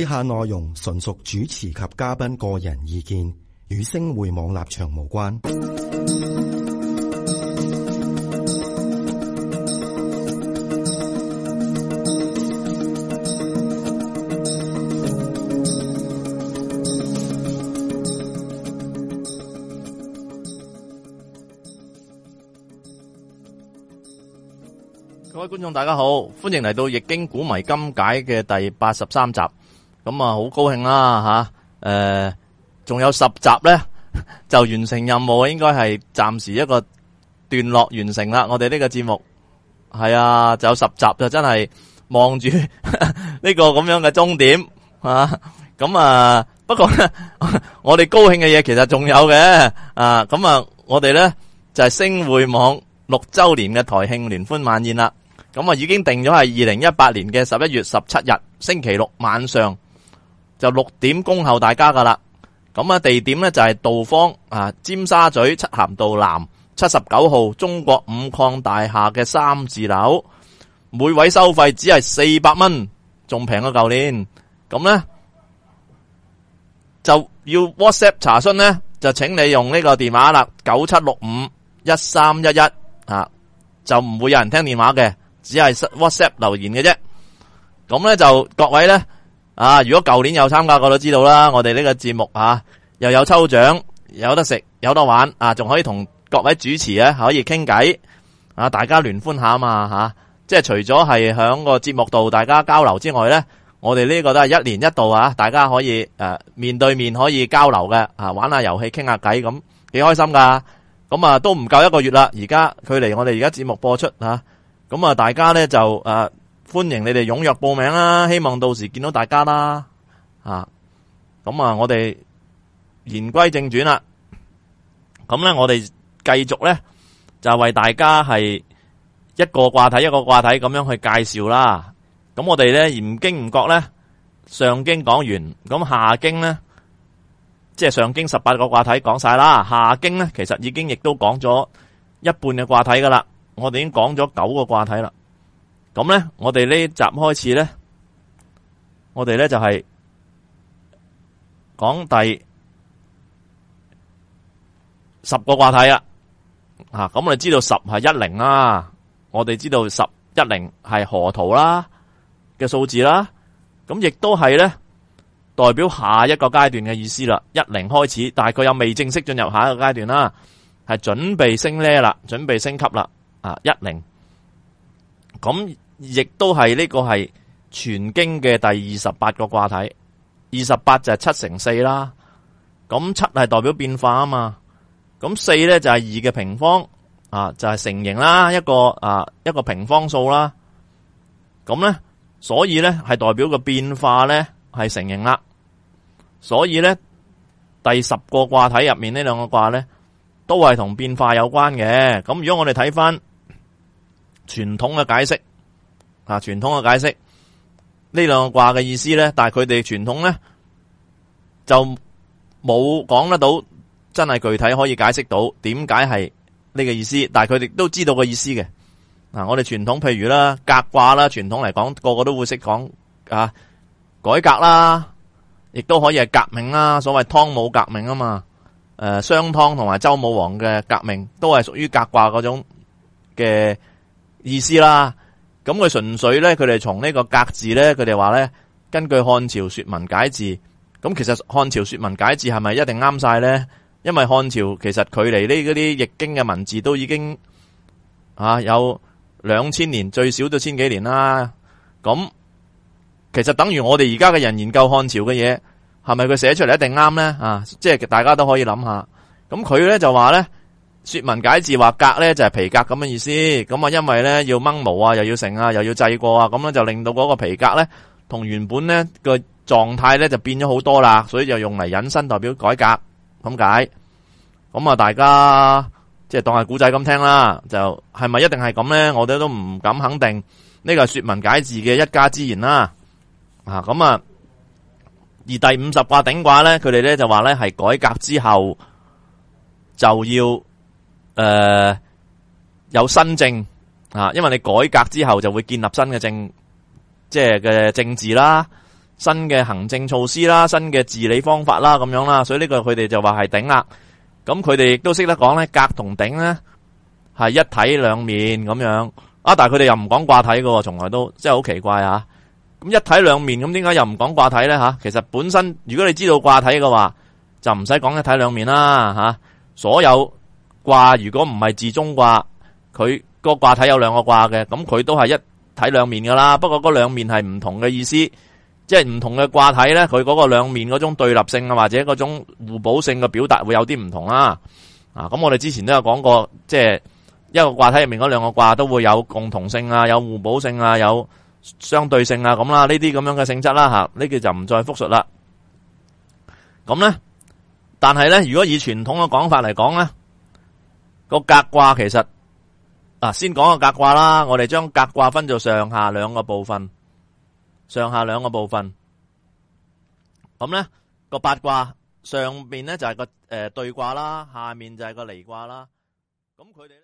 以下內容純屬主持及嘉賓個人意見，與星匯網立場無關。各位觀眾，大家好，歡迎嚟到《易經古謎今解》嘅第八十三集。咁、嗯、啊，好高興啦吓！誒，仲有十集呢，就完成任務，應該係暫時一個段落完成啦。我哋呢個節目係啊，就有十集就真係望住呢個咁樣嘅終點啊！咁啊，不過呢， 我哋高興嘅嘢其實仲有嘅啊！咁啊，我哋呢，就係、是、星匯網六周年嘅台慶聯歡晚宴啦。咁、嗯、啊，已經定咗係二零一八年嘅十一月十七日星期六晚上，就六點恭候大家噶啦。咁啊地點咧就係杜芳啊，尖沙咀漆咸道南七十九號中國五礦大廈嘅三字樓，每位收費只係四百蚊，仲平過舊年，咁呢，就要 WhatsApp 查詢呢，就請你用呢個電話啦，九七六五一三一一啊，就唔會有人聽電話嘅，只係 WhatsApp 留言嘅啫，咁呢，就各位呢。啊！如果舊年有參加過都知道啦，我哋呢個節目啊，又有抽獎，有得食，有得玩，啊，仲可以同各位主持咧、啊、可以傾偈，啊，大家聯歡下嘛啊嘛吓，即係除咗係響個節目度大家交流之外呢，我哋呢個都係一年一度啊，大家可以誒、啊、面對面可以交流嘅啊，玩下遊戲，傾下偈咁，幾開心噶，咁啊都唔夠一個月啦，而家距離我哋而家節目播出吓，咁啊，啊大家呢就誒。啊歡迎你哋踴躍報名啦！希望到時見到大家啦，啊！咁啊，我哋言歸正傳啦。咁咧，我哋繼續咧，就為大家係一個卦體一個卦體咁樣去介紹啦。咁我哋咧，唔經唔覺咧，上經講完，咁下經咧，即係上經十八個卦體講晒啦，下經咧其實已經亦都講咗一半嘅卦體噶啦，我哋已經講咗九個卦體啦。咁咧，我哋呢集開始咧，我哋咧就係講第十個話題啊！吓，咁我哋知道十係一零啦，我哋知道十一零係河圖啦嘅數字啦，咁亦都係咧代表下一個階段嘅意思啦，一零開始，但係佢又未正式進入下一個階段啦，係準備升呢啦，準備升級啦，啊一零。咁亦都係呢、這個係全經嘅第二十八個卦體，二十八就係七乘四啦。咁七係代表變化啊嘛，咁四呢就係二嘅平方，啊就係、是、成形啦，一個啊一個平方數啦。咁呢，所以呢係代表個變化呢係成形啦。所以呢第十個卦體入面呢兩個卦呢都係同變化有關嘅。咁如果我哋睇翻。傳統嘅解釋啊，傳統嘅解釋呢兩個卦嘅意思咧，但係佢哋傳統咧就冇講得到真係具體可以解釋到點解係呢個意思，但係佢哋都知道個意思嘅嗱、啊，我哋傳統譬如啦革卦啦，傳統嚟講個個都會識講啊改革啦，亦都可以係革命啦，所謂湯武革命啊嘛，誒商湯同埋周武王嘅革命都係屬於革卦嗰種嘅。意思啦，咁佢純粹咧，佢哋從呢個革字咧，佢哋話咧，根據漢朝說文解字，咁其實漢朝說文解字係咪一定啱晒咧？因為漢朝其實佢離呢嗰啲易經嘅文字都已經啊有兩千年，最少都千幾年啦。咁其實等於我哋而家嘅人研究漢朝嘅嘢，係咪佢寫出嚟一定啱咧？啊，即係大家都可以諗下。咁佢咧就話咧。說文解字話，革咧就係皮革咁嘅意思，咁啊，因為咧要掹毛啊，又要成啊，又要製過啊，咁咧就令到嗰個皮革咧同原本咧個狀態咧就變咗好多啦，所以就用嚟，引申代表改革咁解。咁啊大家即係當係古仔咁聽啦，就係咪一定係咁咧？我哋都唔敢肯定，呢個係說文解字嘅一家之言啦。啊咁啊，而第五十卦鼎卦咧，佢哋咧就話咧係改革之後就要誒、呃，有新政啊，因為你改革之後就會建立新嘅政，即係嘅政治啦，新嘅行政措施啦，新嘅治理方法啦，咁、啊、樣啦，所以呢個佢哋就話係鼎啦。咁佢哋亦都識得講呢「革同鼎」呢係一體兩面咁樣。啊，但係佢哋又唔講卦體嘅，從來都真係好奇怪吓。咁、啊、一體兩面，咁點解又唔講卦體呢？吓、啊？其實本身如果你知道卦體嘅話，就唔使講一體兩面啦吓、啊。所有。卦如果唔係自中卦，佢個卦體有兩個卦嘅，咁佢都係一體兩面噶啦。不過嗰兩面係唔同嘅意思，即係唔同嘅卦體呢，佢嗰個兩面嗰種對立性啊，或者嗰種互補性嘅表達會有啲唔同啦。啊，咁我哋之前都有講過，即係一個卦體入面嗰兩個卦都會有共同性啊，有互補性啊，有相對性啊，咁啦，呢啲咁樣嘅性質啦吓，呢個就唔再複述啦。咁呢，但係呢，如果以傳統嘅講法嚟講咧。個革卦其實啊，先講個革卦啦。我哋將革卦分做上下兩個部分，上下兩個部分。咁咧個八卦上邊咧就係、是、個誒、呃、兌卦啦，下面就係個離卦啦。咁佢哋。咧。